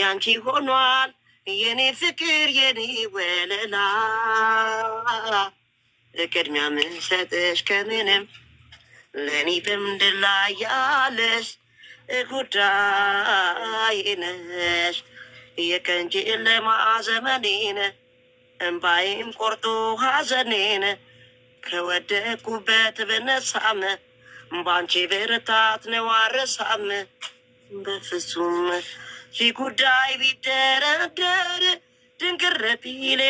ያንቺ ሆኗል የኔ ፍቅር የኔ ወለላ ቅድሚያ ምንሰጥሽ ከምንም ለእኔ በምድር ላይ ያለሽ ጉዳይ ነሽ። የቀን ጨለማ እምባይም ቆርጦ ሐዘኔን ከወደኩበት ብነሳም ባንቺ ብርታት ነዋረሳም በፍጹም ሺህ ጉዳይ ቢደረደር ድንግር ቢል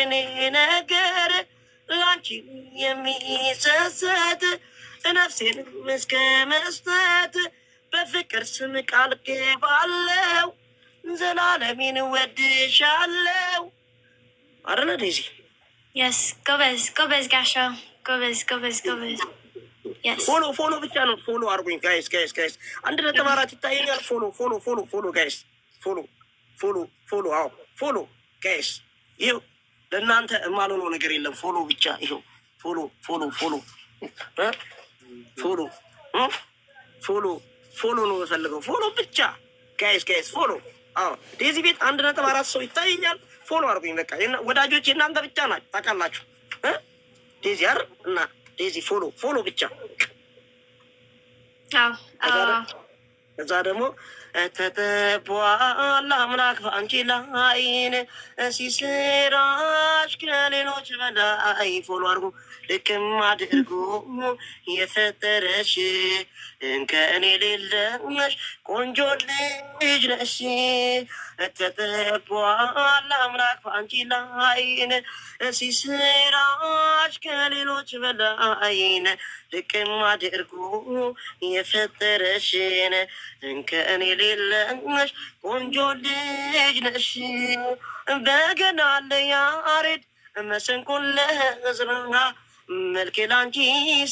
ነገር ላንቺ የሚሰሰት ነፍሴን እስከ መስጠት በፍቅር ስም ቃል ገባለው ዘላለሚን ወድሻለው። አረነ ዴዚ የስ ጎበዝ ጎበዝ ጋሻ ጎበዝ ጎበዝ ጎበዝ። ፎሎ ፎሎ ብቻ ነው ፎሎ አርጉኝ ጋይስ ጋይስ ጋይስ። አንድ ነጥብ አራት ይታየኛል። ፎሎ ፎሎ ፎሎ ፎሎ ጋይስ ፎሎ ፎሎ ፎሎ። አዎ ፎሎ ጋይስ፣ ይኸው ለእናንተ የማልሆነው ነገር የለም። ፎሎ ብቻ ይኸው ፎሎ ፎሎ ፎሎ ፎሎ ፎሎ ፎሎ ነው የምፈልገው። ፎሎ ብቻ ጋይስ፣ ጋይስ ፎሎ። አዎ ዴዚህ ቤት አንድ ነጥብ አራት ሰው ይታየኛል። ፎሎ አድርጉኝ። በቃ ወዳጆች የእናንተ ብቻ ናችሁ፣ ታውቃላችሁ። ዴዚ አር እና ዴዚ ፎሎ ፎሎ ብቻ ከዛ ደግሞ ተጠቧል አምላክ በአንቺ ላይን ሲስራሽ ከሌሎች በላይ ፎሎ አድርጎ ልክም አድርጎ የፈጠረሽ እንከን የሌለሽ ቆንጆ ልጅ ነሽ፣ ተጠቧል አምላክ በአንቺ ላይን እሲ ስራሽ ከሌሎች በላይን ልቅም አድርጎ የፈጠረሽን እንከን የሌለሽ ቆንጆ ልጅ ነሽ። በገና ለያሬድ መሰንቆ ለእዝራ መልኬ ላንቺ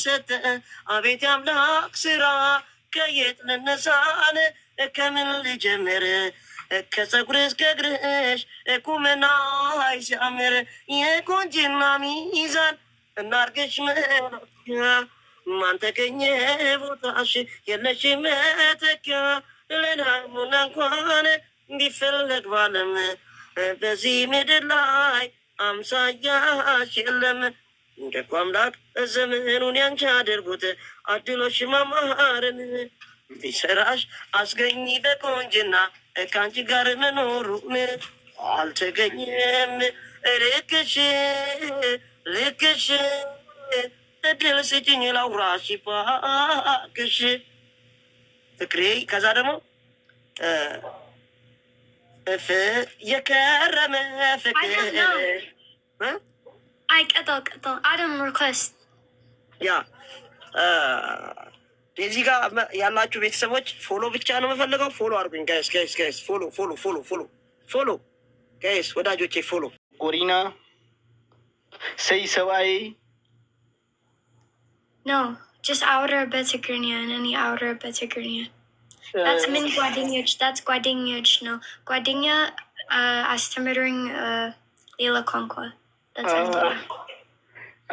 ሰጠ አቤት አምላክ ስራ ከየት ልነሳን ከምን ልጀምር ከጸጉር እስከ እግርሽ ቁመናሽ ሲያምር የቆንጅና ሚዛን እናርገሽ መለኪያ ማን ተገኘ ቦታሽ የለሽ መተኪያ ለናሙና እንኳን ቢፈለግ ባለም በዚህ ምድር ላይ አምሳያሽ የለም። እንደኳ አምላክ ዘመኑን ያንቺ አድርጉት አድሎሽ ማማርን ቢሰራሽ አስገኝ በቆንጅና ከአንቺ ጋር መኖሩም አልተገኘም። ልክሽ ልክሽ እድል ስጭኝ ላውራሽ ባክሽ ፍቅሬ። ከዛ ደግሞ የከረመ ፍቅር ቅጠል ቅጠል አደም ሪኩዌስት ያ የዚህ ጋር ያላችሁ ቤተሰቦች ፎሎ ብቻ ነው የምፈልገው። ፎሎ አድርጉኝ ጋይስ፣ ጋይስ፣ ጋይስ ፎሎ ፎሎ ፎሎ ፎሎ ፎሎ ጋይስ፣ ወዳጆቼ ፎሎ ጎሪና ሰይ ሰብአይ ኖ ጀስት አውረር በትግርኛ እኔ አውረር በትግርኛ ዳት ምን ጓደኞች ዳት ጓደኞች ነው ጓደኛ አስተምረኝ ሌላ ቋንቋ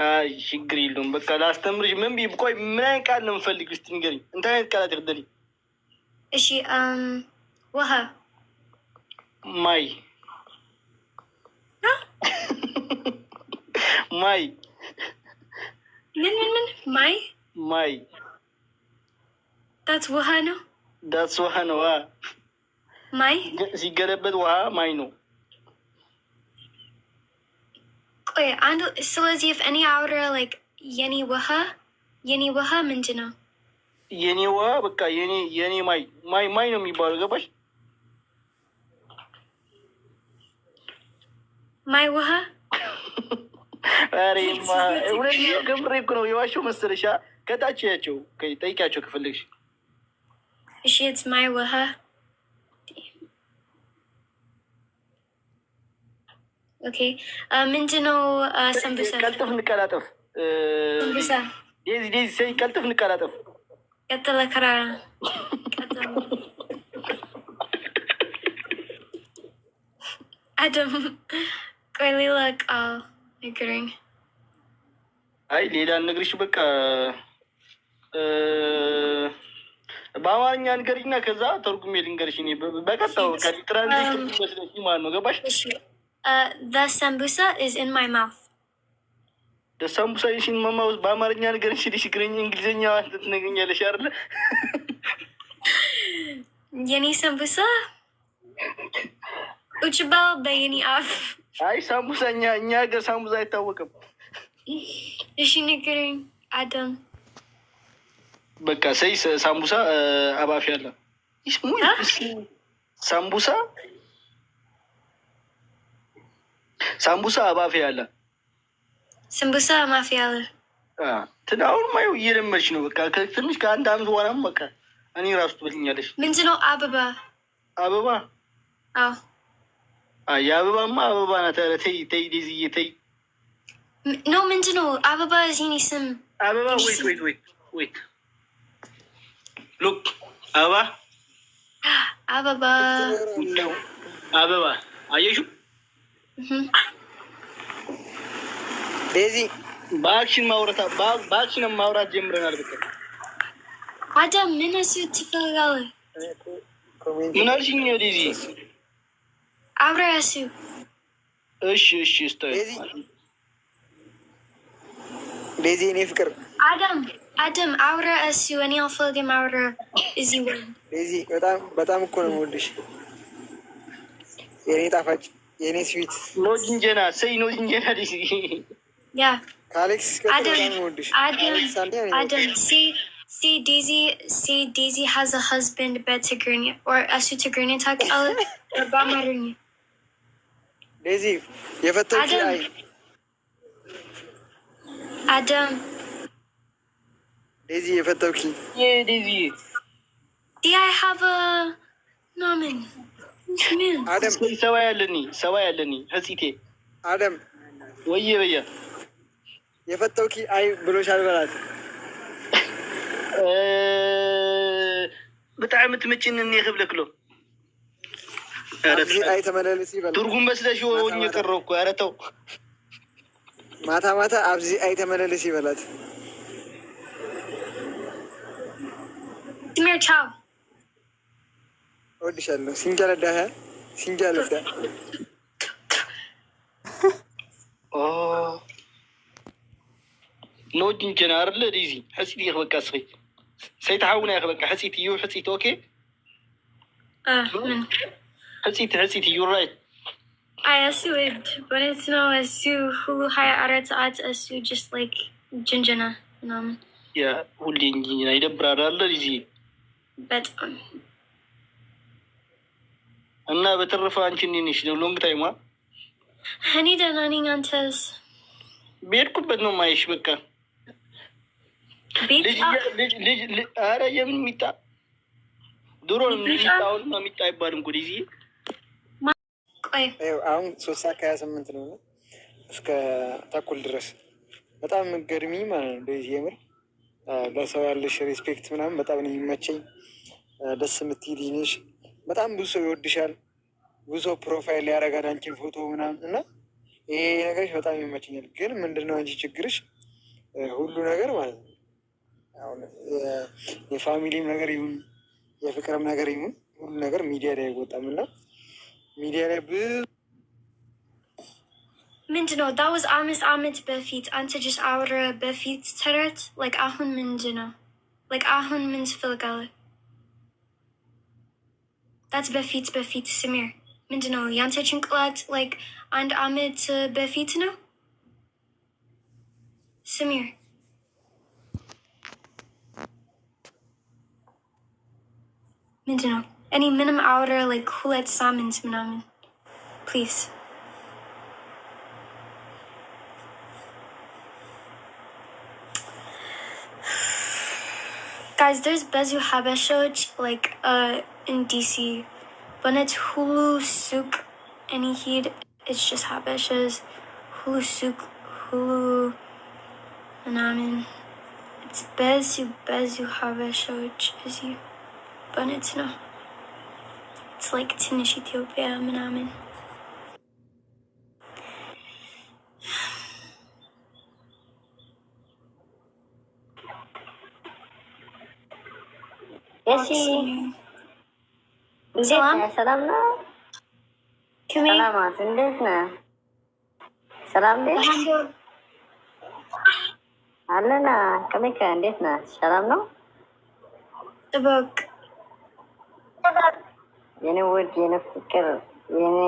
አይ ችግር የለውም። በቃ ላስተምርሽ። ምን ቢ ቆይ፣ ምን አይነት ቃል ነው የምፈልግ? እስኪ ንገሪኝ። እንትን አይነት ቃላት ይርደልኝ። እሺ፣ ውሃ፣ ማይ፣ ማይ፣ ምን ምን ምን፣ ማይ፣ ማይ፣ ዳት ውሃ ነው። ዳት ውሃ ነው። ማይ ሲገለበት ውሃ ማይ ነው። ቆይ አንዱ ስለዚህ እኔ አውረ ላይክ የኔ ውሃ የኔ ውሃ ምንድን ነው? የኔ ውሃ በቃ የኔ የኔ ማይ ማይ ማይ ነው የሚባለው ገባሽ? ማይ ውሃ ኧረ እኮ ነው የዋሸው መሰለሻ። ከታች ያቸው ጠይቂያቸው ከፈለግሽ። እሺ ማይ ውሃ ኦኬ ምንድን ነው ሰንብሰ ቀልጥፍ እንቀላጠፍ ዴዚ ዴዚ ሰይ ቀልጥፍ እንቀላጠፍ ቀጥለ ከራራ አደም ቆይ ሌላ እቃ ንግሪኝ። አይ ሌላ ንግሪሽ በቃ በአማርኛ ንገሪኝና ከዛ ተርጉሜ ልንገርሽ። በቀጣው ትራንዚሽን መስለሽ ማለት ነው ገባሽ? Uh, the sambusa is in my mouth ሳምቡሳ ሽን መማውዝ በአማርኛ ነገር ሲል ሲግረኝ እንግሊዝኛ ትነገኛለሽ አለ። የኔ ሳምቡሳ ቁጭባው በየኔ አፍ። አይ ሳምቡሳ እኛ እኛ ሀገር ሳምቡሳ አይታወቅም። እሺ ንግረኝ አደም። በቃ ሰይ ሳምቡሳ አባፊ አለ ሳምቡሳ ሳምቡሳ አባፌ ያለ ስምቡሳ ማፊ ያለ ትዳሁን ማየ እየለመች ነው። በቃ ከትንሽ ከአንድ አመት በኋላም በቃ እኔ ራሱ ትብልኛለች። ምንድ ነው አበባ አበባ? አዎ የአበባማ አበባ ናት። ኧረ ተይ ተይ ዴዝዬ ተይ። ነው ምንድ ነው አበባ? እዚህ ስም አበባ። ወይት ወይት ወይት ወይት ሉክ አበባ አበባ አበባ አየሽው ዴዚ በአክሽን ማውራት በአክሽን ማውራት ጀምረናል። ብታይ አዳ ምን ስትፈራው ምን አልሽኝ? ዴዚ አብረህ ያስብ። እሺ እሺ ስታይ ዴዚ እኔ ፍቅር አዳም አዳም አውራ እሱ እኔ አልፈልግም። አውራ እዚህ ወይ በጣም በጣም እኮ ነው የምወድሽ የኔ ጣፋጭ የኔ ስዊት ኖ ጅንጀና ሰይ ኖ ጅንጀና ያ ከአሌክስ አደም ሲ ዲዚ ሲ ዲዚ ሀዝ አ ሀዝበንድ በትግርኛ ኦር እሱ ትግርኛ ታውቃለ በአማርኛ ዴዚ የፈተሽ አይ አደም ዴዚ የፈተብኪ ዴዚ ዲ አይ ሃቭ አ ኖምን ሰባ ያለኒ ሰባ ያለኒ ህፂቴ አደም ወየ በየ የፈተውኪ አይ ብሎሻል በላት ብጣዕሚ ትምችን እኒ ክብልክሎ ትርጉም መስለሽ ወኝ ቀረው እኮ ኧረ ማታ ማታ ኣብዚ አይ ተመላለስ ይበላት ቻው እወድሻለሁ። ሲንገለዳሃል ሲንገለዳ نوج جنار لديزي حسيت يخبك أصغي سيتعاون يخبك حسيت يو حسيت أوكي آه حسيت حسيت يو رايت I assumed, but it's no assume who high arats at assume just like Jinjana, you know. Yeah, who Jinjana? I don't brother, Lizzie. But um, እና በተረፈ አንቺ እንዴት ነሽ? ሎንግ ታይማ። እኔ ደህና ነኝ። አንተስ? በሄድኩበት ነው ማየሽ። በቃ ኧረ የምን ሚጣ ድሮ ሚጣውን ነው ሚጣ አይባልም። ጉድ ጊዜ አሁን ሶስት ሰዓት ከሀያ ስምንት ነው እስከ ተኩል ድረስ በጣም የምትገርሚ ማለት ነው። የምር ለሰው ያለሽ ሬስፔክት ምናምን በጣም ነው የሚመቸኝ። ደስ የምትሄድ ነሽ በጣም ብዙ ሰው ይወድሻል፣ ብዙ ሰው ፕሮፋይል ያደርጋል አንቺን ፎቶ ምናምን እና ይሄ ነገርሽ በጣም ይመችኛል። ግን ምንድነው አንቺ ችግርሽ? ሁሉ ነገር ማለት ነው የፋሚሊም ነገር ይሁን የፍቅርም ነገር ይሁን ሁሉ ነገር ሚዲያ ላይ አይወጣም እና ሚዲያ ላይ ብዙ ምንድን ነው ዳውዝ አምስት አመት በፊት አንተ ጅስ አውረ በፊት ተረት ላይክ አሁን ምንድን ነው ላይክ አሁን ምን ትፈልጋለህ? That's befit befit simir. Mindano yanta chinklat like and amit uh, befitino. Samir. Mindano. Any minimum outer like kulet samins minamin. Please. Guys, there's Bezu Habeshoch, like, a. Uh, in DC. But it's Hulu Souk Anyheed, It's just habeshes. Hulu Souk Hulu Anamin. It's Bezu Bezu Habesha Chizi. But it's no. It's like Tinish Ethiopia Manamin. Yes, ሰላም ነው። ሰላማት እንዴት ነህ? ሰላም ነሽ? አለና ቅሜከ እንዴት ነህ? ሰላም ነው። ጥበቅ የኔ ውድ የኔ ፍቅር የኔ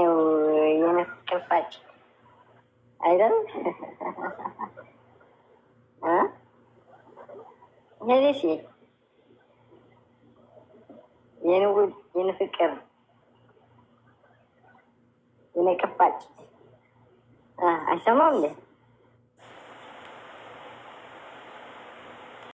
ፍቅር ፋጭ አይደል? ሄዴ የንውድ የንፍቅር የነቀፋጭ አይሰማም እንዴ?